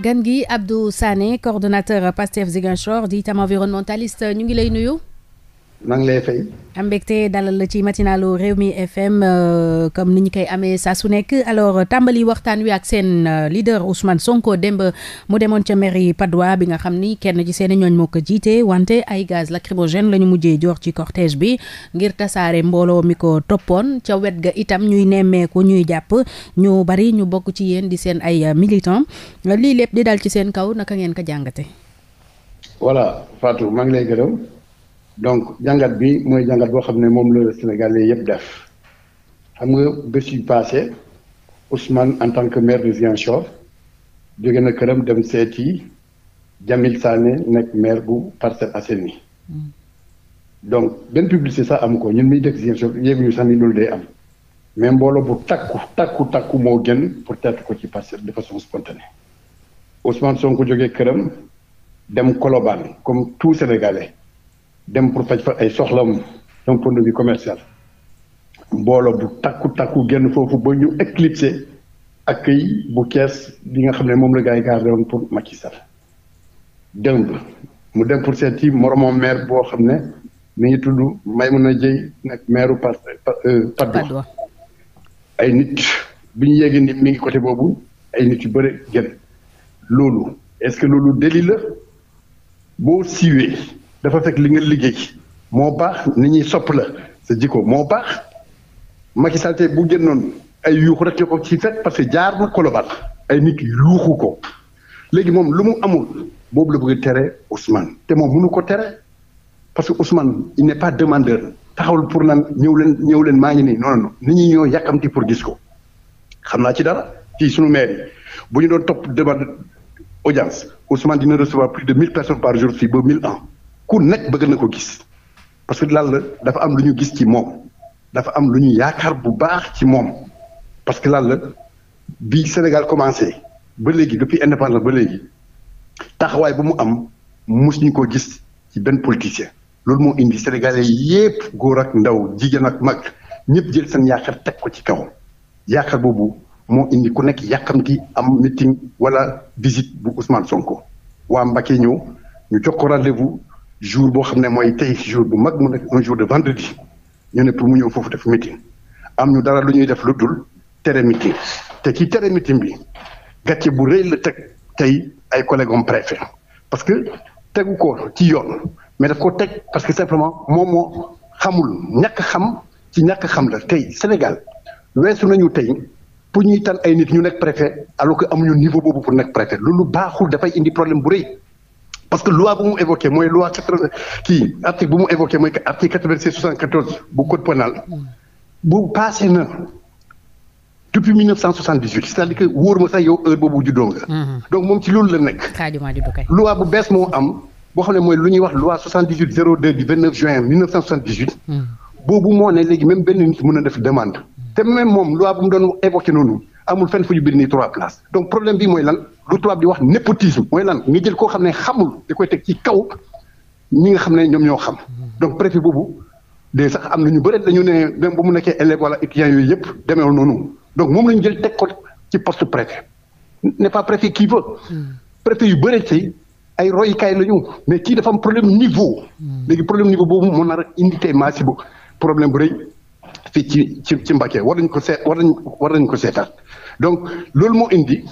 gan gi Abdou Sané coordonnateur Pastef Ziguinchor di itam environnementaliste ñu ngi lay nuyu. maa ngi lay fay. am mbégte dalal ci réew Rewmi FM euh, comme ni ñu koy amee saa su nekk alors euh, tàmbali waxtaan wi ak seen euh, leader Ousmane Sonko démb mu demoon ca mairie Padois bi nga xam ni kenn ci seen ñooñ moo ko jiite wante ay gaz lacrymogène la ñu mujjee joor ci cortège bi ngir tasaare mbooloo mi ko toppoon ca wet ga itam ñuy nemmeeku ñuy jàpp ñu bari ñu bokk ci yéen di seen ay militant lii lépp di dal ci seen kaw naka ngeen ko jàngate. voilà Fatou donc jàngat bi mooy jàngat boo xam ne moom la Sénégalais yëpp def xam nga bés yu passé Ousmane en tant que maire de Ziguinchor jóge na këram dem seeti Jamil Sané nekk maire bu Parcelles Assainies hmm. donc benn publicité sax am ko ñun miy dëkk Ziguinchor yéeguñu sax ni loolu day am mais mbooloo bu takku takku takku moo gën pour teet ko ci Parcelles de façon spontanée Ousmane ko jógee këram dem Colobane comme tout Sénégalais dem pour faj fa ay soxlam d'un point de vue commercial mbooloo bu takku takku génn foofu ba ñu ak accueil bu kees bi nga xam ne moom la gars yi woon pour Macky Sall démb mu dem pour seeti moromam maire boo xam ne mi ngi tudd na Maymouna Dieye nag maire u Padoua euh, ay nit bu ñu yéegi nit mi ngi côté boobu ay nit yu bëri génn loolu est-ce que loolu délit la boo siiwee dafa fekk li nga liggéey moo baax nit ñuy sopp la sa jikko moo baax Macky Sall tey bu noonu ay yuuxu rek ko ci fekk parce que jaar na Colobane ay nit yuuxu ko léegi moom lu mu amul boobu la bëgg tere Ousmane te moom mu nu ko tere parce que Ousmane il n'est pas demandeur taxawul pour nan ñëw leen ñëw leen maa ngi nii non non nit ñi ñoo yàkkamti pour gis ko xam naa ci dara fii suñu maire yi bu ñu doon topp demande audience Ousmane dina recevoir plus de mille personnes par jour fii ku nekk bëgg na ko gis parce que Lalla dafa am lu ñu gis ci moom dafa am lu ñu yaakaar bu baax ci moom parce que Lalla bi Sénégal commencé ba léegi depuis indépendance ba léegi taxawaay bu mu am mus ñu ko gis ci benn politicien loolu moo indi Sénégalais yépp góor ak ndaw jigéen ak mag ñëpp jël seen yaakaar teg ko ci kaw yaakaar boobu moo indi ku nekk yàqamti am meeting walla visite bu Ousmane Sonko waa Mbacké ñëw ñu jox ko rendez jour boo xam ne mooy tey jour bu mag mu nekk un jour de vendredi ñoo ne pour mu ñëw foofu def meeting am ñu dara lu ñuy def lu dul tere meeting te ci tere meeting bi gàcce bu rëy la teg tey ay collègues am préfet parce que tegu ko ci yoon mais daf ko teg parce que simplement moom moo xamul ñàkk xam ci ñàkk xam la tey Sénégal weesu nañu tey pour ñuy tal ay nit ñu nekk préfet alors que amuñu niveau boobu pour nekk lu loolu baaxul dafay indi problème bu rëy. parce que loi bu mu évoqué mooy loi quatre kii article bu mu évoqué mooy article quatre vingt six soixante quatorze bu code pénal bu passé na depuis mille neuf cent soixante dix huit c' à dire que wóor ma sax yow heure boobu juddoo nga. Mhm. donc moom ci loolu la nekk. loi bu bees moo am boo xam ne mooy lu ñuy wax loi soixante dix huit zéro deux du vingt neuf juin mille mhm. boobu moo léegi même benn nit mën def demande. Mhm. te même moom loi bu mu doon évoqué noonu amul fenn problème bi mooy lan. lu tubaab di wax népotisme mooy lan nga jël koo xam ne xamul da koy teg ci kaw ñi nga xam ne ñoom ñoo xam donc préfet boobu de sax am na ñu bëri dañu ne même ba mu nekkee élève wala étudiant yooyu yëpp demeewul noonu donc moom la ñu jël teg ko ci poste préfet n'est pas préfet qui veut préfet yu bëri ci ay royukaay la ñu mais kii defam am problème niveau léegi problème niveau boobu moo nar a indi tey maasi bu problème bu rëy fii ci ci ci Mbacké war nañ ko seet war war nañ ko seetaat donc loolu moo indi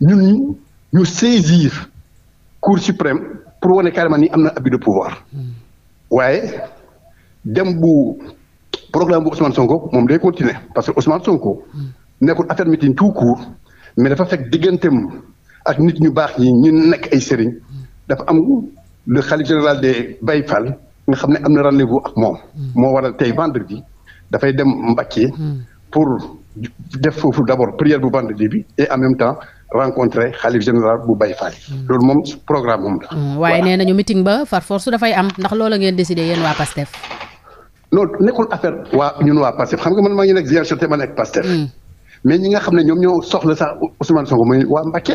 ñun ñu saisir cour suprême pour wane carrément ni am na abus de pouvoir waaye dem bu programme bu Ousmane Sonko moom day continuer parce que Ousmane Sonko nekkul affaire mitin tout court mais dafa fekk digganteem ak nit ñu baax ñi ñu nekk ay sëriñ dafa am le khalife général des Baye Fall nga xam ne am na rendez-vous ak moom. moo waral tey vendredi dafay dem Mbacké hmm. pour def foofu d'abord prière bu vendredi bi et en temps. rencontré xalif général bu bay Fall. Hmm. loolu moom programme moom la. Hmm, waaye nee nañu meeting ba far force dafay am ndax loola ngeen décidé yéen waa PASTEF. non nekkul affaire waa ñun waa PASTEF xam nga man maa ngi nekk Ziguinchor te ma nekk hmm. mais ñi nga xam ne ñoom ñoo soxla sax Ousmane Sonko mooy waa Mbacké.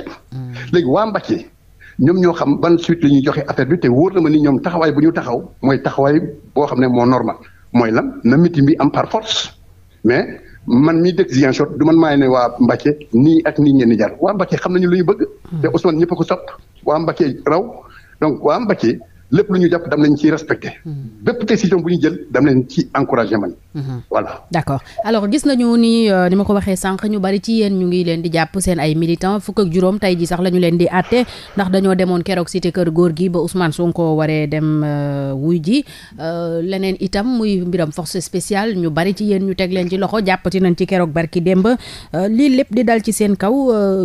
léegi waa Mbacké ñoom ñoo xam ban suite la ñuy joxe affaire bi te wóor na ma ni ñoom taxawaay bu ñu taxaw mooy taxawaay boo xam ne moo normal mooy lan na meeting bi am par force mais. man mii dëkk Ziguinchor du man maay ne waa Mbacké ni ak ni ngeen di jar waa Mbacké xam nañu lu ñu bëgg. Hmm. te Ousmane ñëpp a ko topp waa Mbacké raw donc waa Mbacké lépp lu ñu jàpp dam leen ci respecté. Hmm. bépp décision bu ñu jël dam leen ci encouragé man. Hmm. voilà d'accord alors gis nañu ni euh, ni ma ko waxee sànq ñu bari ci yéen ñu ngi leen di jàpp seen ay militants fukk ak juróom tey ji sax la ñu leen di àtte ndax dañoo demoon keroog cité kër góor gi ba Ousmane Sonko waree dem euh, wuy ji euh, leneen itam muy mbiram force spéciale ñu bari ci yéen ñu teg leen ci loxo jàppati nañ ci keroog barki ba lii lépp di dal ci seen kaw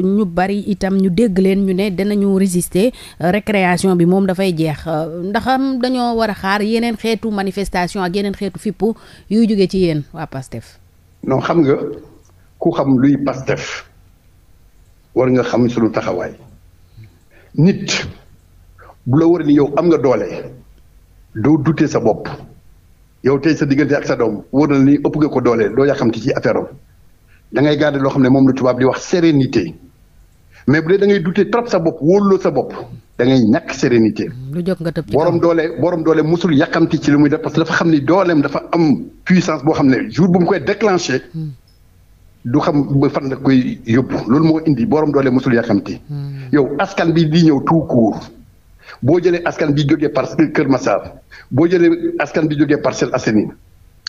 ñu bari itam ñu dégg leen ñu ne danañu résister récréation bi moom dafay jeex. ndaxam dañoo war a xaar yeneen xeetu manifestation ak yeneen xeetu fippu yuy jóge ci yéen waa PASTEF. noo xam nga ku xam luy PASTEF war nga xam sunu taxawaay nit bu la war ni yow am nga doole doo dute sa bopp yow tey sa diggante ak sa doom wóor na ni ëpp nga ko doole doo yàqamti ci affaire am da ngay garder loo xam ne moom lu tubaab di wax sérénité mais bu dee da ngay dute trop sa bopp wóoluloo sa bopp. da ngay ñàkk sérénité. lu jóg nga tëb ci borom doole borom doole musul yàkkamti ci li muy def parce que dafa xam ni dooleem dafa am puissance boo xam ne jour bu mu koy déclenché. Hmm. du xam ba fan la koy yóbbu loolu moo indi borom doole musul yàkkamti. Hmm. yow askan bi di ñëw tout court. boo jëlee askan bi jógee par Kër Massar boo jëlee askan bi jóge Parcelles Assainies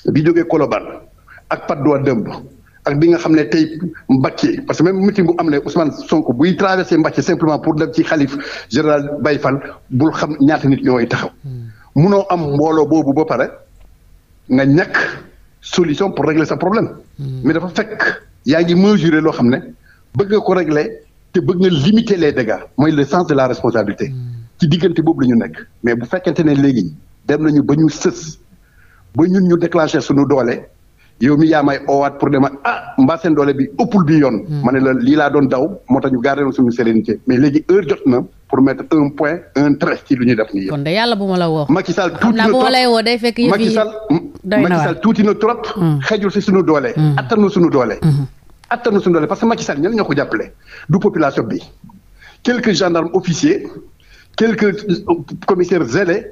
bi jógee kolobal ak Patte d'Oie Demba ak bi nga xam ne tey Mbacké parce que même meeting bu am le Ousmane Sonko buy traversé Mbacké simplement pour dem ci xalif général bay Fall bul xam ñaata nit ñooy taxaw. Hmm. noo am mbooloo boobu ba pare nga ñàkk solution pour régler sa problème. Hmm. mais dafa fekk yaa ngi mesurer loo xam ne bëgg nga ko régler te bëgg nga limiter les dégâts mooy le sens de la responsabilité. Hmm. ci diggante boobu la ñu nekk mais bu fekkente ne léegi dem nañu ba ñu sës ba ñun ñu déclencher suñu doole. yow mi yaa may oowaat pour dema ah mbaa doole bi ëppul bi yoon. Hmm. ma la lii laa doon daw moo tax ñu garder woon suñu sérénité mais léegi heure jot na pour mettre un point un trait ci lu ñuy def nii yëpp. kon ma tuuti na trop hmm. lay si suñu doole. Hmm. attanu suñu doole. attanu suñu doole parce que Macky Sall ñenn ñoo ko jàppale du population bi quelques gendarmes officiers quelques euh, commissaires zélés.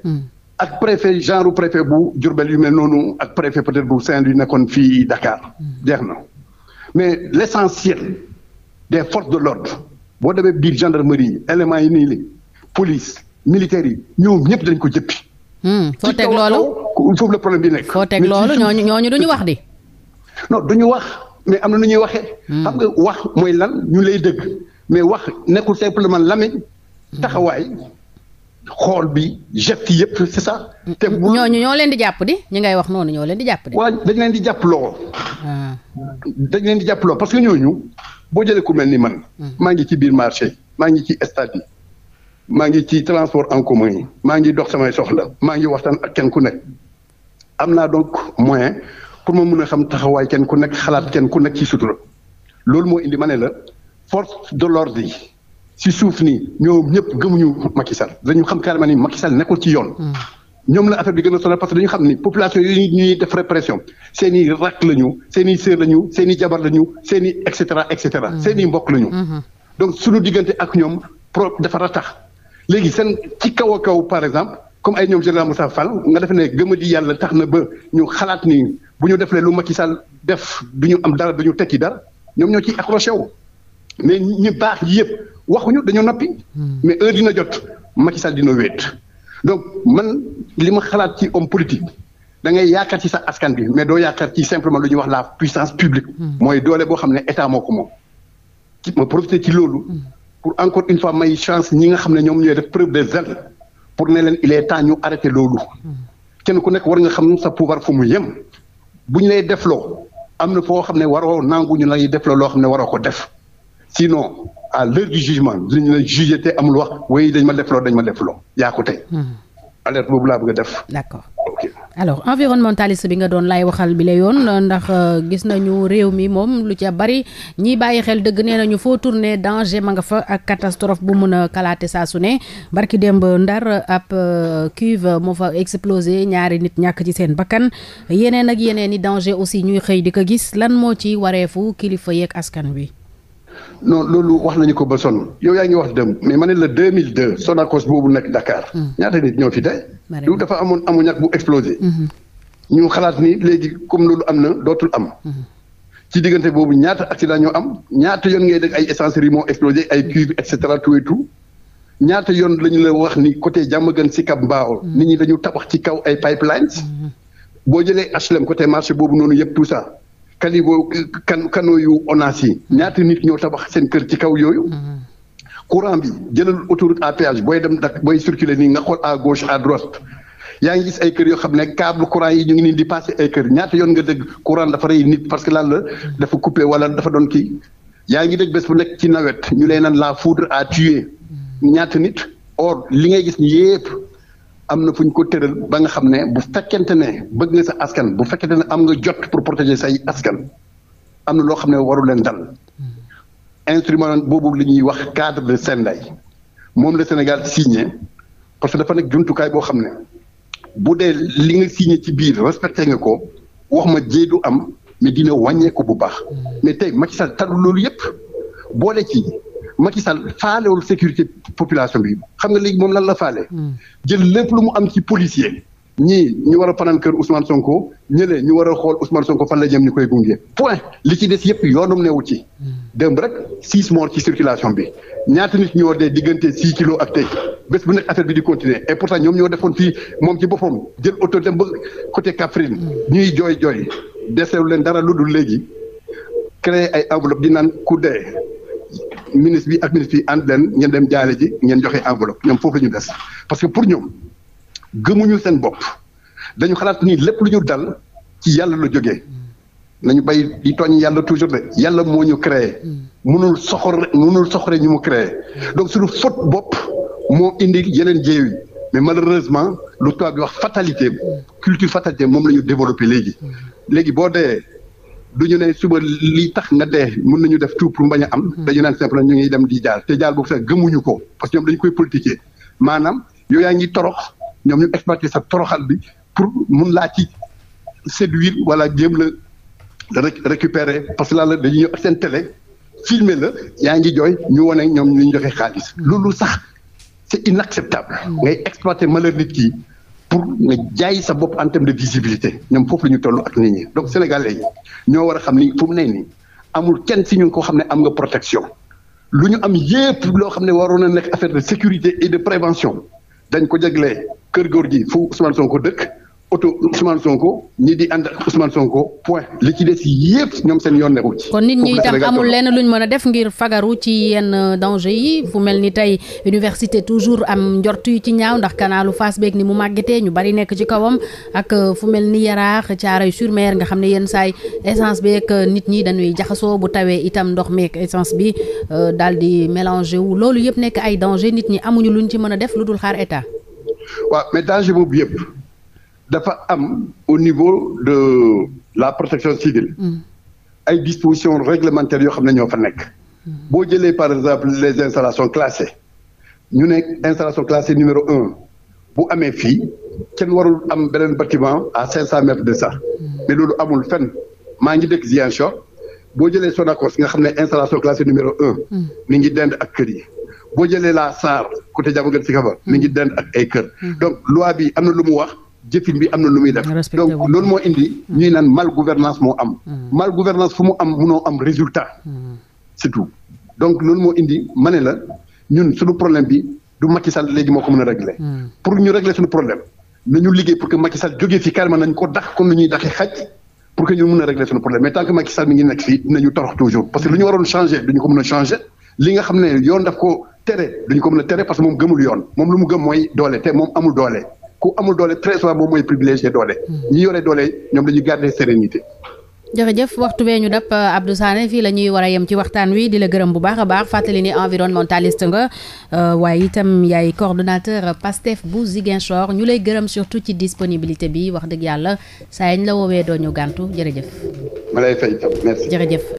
ak préfet genre préfet bu Diourbel yu mel noonu ak préfet peut-être bu Saint-Louis nekkoon fii Dakar jeex na mais l'essentiel des forces de l'ordre boo demee biir gendarmerie yi éléments yi nii li police militaires yi ñëw ñëpp dañ ko jëppi hmm, foo teg loolu foofu la problème bi nekk foo teg loolu ñooñu ñooñu duñu wax di non duñu wax mais am na nu ñuy waxee hmm. xam nga wax mooy lan ñu lay dëgg mais wax nekku nekkul simplement lame taxawaay xool bi geste yëpp c'est ça. te bu ñooñu ñoo leen di jàpp di ñi ngay wax noonu ñoo leen di jàpp di. dañ leen di jàpp loo. Ah. dañ leen di jàpp loo parce que ñooñu boo jëlee ku mel ni man. Hmm. maa ngi ci biir marché maa ngi ci stade maa ngi ci transport en commun maa ngi dox samay soxla maa ngi waxtaan ak kenn ku nekk am naa donc moyen pour ma mun a xam taxawaay kenn ku nekk xalaat kenn ku nekk ci sutura loolu moo indi ma ne la force de l'ordre yi. si suuf nii ñoom ñëpp gëmuñu Macky Sall dañu xam carrément ni Macky Sall nekkul ci yoon. Hmm. ñoom la affaire bi gën a sonal parce que dañu xam ni population yi ñuy def répression seen i rakk la ñu seen i sœur la ñu seen i jabar la ñu seen i et cetera et cetera. Hmm. seen i mbokk la ñu. Hmm. donc suñu diggante ak ñoom pro dafa tax léegi seen ci kaw a kaw par exemple comme ay ñoom général Moussa Fall nga defe ne gëm a yàlla tax na ba ñu xalaat ni bu ñu defee lu Macky Sall def du ñu am dara du ñu tekki dara ñoom ñoo ciy accroché wu mais ñi baax yëpp. waxuñu dañoo noppi. Hmm. mais heure dina jot Macky Sall dina wéet. donc man li ma xalaat ci homme politique da ngay yaakaar ci sax askan bi mais doo yaakaar ci simplement lu ñuy wax la puissance publique. Hmm. mooy doole boo xam ne état moo ko moom. ci ma profité ci loolu. Hmm. pour encore une fois may chance ñi nga xam ne ñoom ñooy def preuve de zèle pour ne leen il est temps ñu arrêté loolu. kenn ku nekk war nga xam sa pouvoir fu mu yem. bu ñu lay defloo am na foo xam ne waroo nangu ñu lay defloo loo xam ne waroo ko def. sinon à l'heure du jugement dinañ la juger te amul wax way dañ ma def loo dañ ma def loo yaa ko tey. Hmm. alerte boobu laa bëgg def. d'accord alors environnementaliste bi nga doon laay waxal bi la yoon ndax euh, gis nañu réew mi moom lu ca bari ñiy bàyyi xel dëgg nee nañu foo tourné danger ma nga fa ak catastrophe bu mun a kalaate saa su ne barki démb ndar ab euh, cuve moo fa explosé ñaari nit ñàkk ci seen bakkan yeneen ak yeneen i danger aussi ñuy xëy di ko gis lan moo ci wareefu kilifa yeeg askan wi. non loolu wax nañu ko ba sonn yow yaa ngi wax dem mais ma ne la 2002 Sonacos boobu nekk Dakar. Hmm. ñaata nit ñoo fi de du dafa amoon ammoniac bu explosé. Hmm. ñu xalaat ni léegi comme loolu am na dootul am. Hmm. ci diggante boobu ñaata accident ñoo am ñaata yoon ngay dégg ay essenceries moo explosé ay cuivre et cetera tout et tout ñaata yoon lañu la wax ni côté Diamaguène Sicap Mbao. nit ñi dañu tabax ci kaw ay pipelines. boo jëlee HLM côté marché boobu noonu yëpp tout caniveau kan canaux yu yi ñaata nit ñoo tabax seen kër ci kaw yooyu. Mm-hmm. courant bi jël autoroute à péage booy dem dak booy circuler nii nga xool à gauche à droite yaa ngi gis ay kër yoo xam ne câble courant yi ñu ngi nii di passé ay kër ñaata yoon nga dégg courant dafa rey nit parce que lan la mm-hmm. dafa coupé wala dafa doon ki yaa ngi dégg bés bu nekk ci nawet ñu lay naan la foudre a tué mm-hmm. ñaata nit or li ngay gis yépp am na fu ñu ko tëral ba nga xam ne bu fekkente ne bëgg nga sa askan bu fekkente ne am nga jot pour protéger say askan am na loo xam ne waru leen dal hmm. instrument boobu li ñuy wax cadre de Sendai moom la Sénégal signé parce que dafa nekk jumtukaay boo xam ne bu dee li nga signé ci biir respecté nga ko wax ma jéey du am mais dina wàññeeku bu baax hmm. mais tey Macky Sall loolu yépp boole ci Macky Sall faalewul sécurité population bi xam nga léegi moom lan la faale. Hmm. jël lépp lu mu am ci policier. ñi ñu war a fanaan kër Ousmane Sonko ñële ñu war a xool Ousmane Sonko fan la jëm ñu koy gunge. point li ci des yëpp yoonum newu ci. Hmm. démb rek six morts ci circulation bi ñaata nit ñoo dee diggante six kilo ak tey bés bu nekk affaire bi di continuer et pourtant ñoom ñoo defoon fi moom ci boppam jël oto dem ba côté Kaffrine. Hmm. ñuy jooy jooy desewu leen dara lu dul léegi créer ay enveloppe di naan ku dee. ministre bi ak ministre yi ànd leen ngeen dem jaale ji ngeen joxe enveloppe ñoom foofu ñu des parce que pour ñoom gëmuñu seen bopp dañu xalaat nii lépp lu ñu dal ci yàlla la jógee nañu bay di tooñ yàlla toujours de yàlla moo ñu créer mënul soxor mënul soxore ñu mu créé donc suñu faute bopp moo indi yeneen jéew mais malheureusement lu togg wax fatalité culture fatalité moom la ñu développé léegi léegi boo dee du ñu ne suba lii tax nga dee mën nañu def tout pour bañ a am. Mm-hmm. dañu naan simple ñu ngi dem di jaar te jaal boobu sax gëmuñu ko parce que ñoom dañu koy politiquer maanaam yow yaa ngi torox ñoom ñu exploité sa toroxal bi pour mun laa ci séduire wala jéem la ré récupérer parce que la la dañuy ñëw ak télé filmer la yaa ngi jooy ñu wane ñoom ñu joxe xaalis. loolu sax c'est inacceptable. Mm-hmm. ngay exploité malheur nit ki. pour nga jaay sa bopp en terme de visibilité ñoom foofu la ñu toll ak nit ñi donc sénégalais yi ñoo war a xam ni fu mu ne nii amul kenn si ñun koo xam ne am nga protection lu ñu am yépp loo xam ne waroon na nekk affaire de sécurité et de prévention dañ ko jaglee kër góor gi fu Ousmane Sonko dëkk auto Ousmane Sonko ñi di ànd ak Sonko point li ci des yëpp ñoom seen yoon newu kon nit ñi itam amul lenn luñ mën a def ngir fagaru ci yenn danger yi fu mel ni tey université toujours am njort yu ci ñaaw ndax kanaalu Fass beeg ni mu màggetee ñu bari nekk ci kawam ak euh, fu mel ni Yaraax Caaroy sur Mer nga xam ne yenn saay essence beeg euh, nit ñi dañuy jaxasoo bu tawee itam ndox meeg essence bi euh, daal di mélangé wu loolu yëpp nekk ay danger nit ñi amuñu luñ ci mën a def lu dul xaar état. boobu yëpp. dafa am au niveau de la protection civile. Mm. ay dispositions réglementaires yoo xam ne ñoo fa nekk. Mm. boo jëlee par exemple les installations classées ñu ne installation classée numéro un bu amee fii kenn warul am beneen bâtiment à cinq cent mètres de ça mm. mais loolu amul fenn maa ngi dëkk Ziguinchor boo jëlee Sonacos nga xam ne installation classée numéro un. mi ngi dend ak kër yi. boo jëlee la SAR côté Diamaguène Sicap mi ngi dend ak ay kër. donc loi am na lu mu wax. jëfin bi am na lu muy def donc loolu moo indi hmm. ñuy naan mal gouvernance moo am hmm. mal mu am munoo am résultat hmm. surtout donc loolu moo indi ma ne la ñun suñu problème bi du Macky Sall léegi moo ko mën a régler pour ñu régler suñu problème nañu liggéey pour que Macky Sall jógee fii nañ ko dax comme ni ñuy daxee xaj pour que ñu mën a régler suñu problème mais tant que mi ngi nekk fii dinañu torox toujours parce que lu ñu waroon changer duñu ko mën a changer li nga xam ne yoon daf ko tere duñu ko mën a tere parce que moom gëmul yoon moom lu mu gëm mooy doole te moom amul doole ku amul doole très souvent moom mooy privilégié doole. Hmm. ñi yore doole ñoom dañuy garder sérénité. jërëjëf waxtu bee ñu dab euh, Abdou Sané fii la ñuy war a yem ci waxtaan wi di la gërëm bu baax a baax fàttali ni environnementaliste nga euh, waaye itam yaay coordonnateur PASTEF bu Ziguinchor ñu lay gërëm surtout ci disponibilité bi wax dëgg yàlla saa yañ la woowee doo ñu gàntu jërëjëf. ma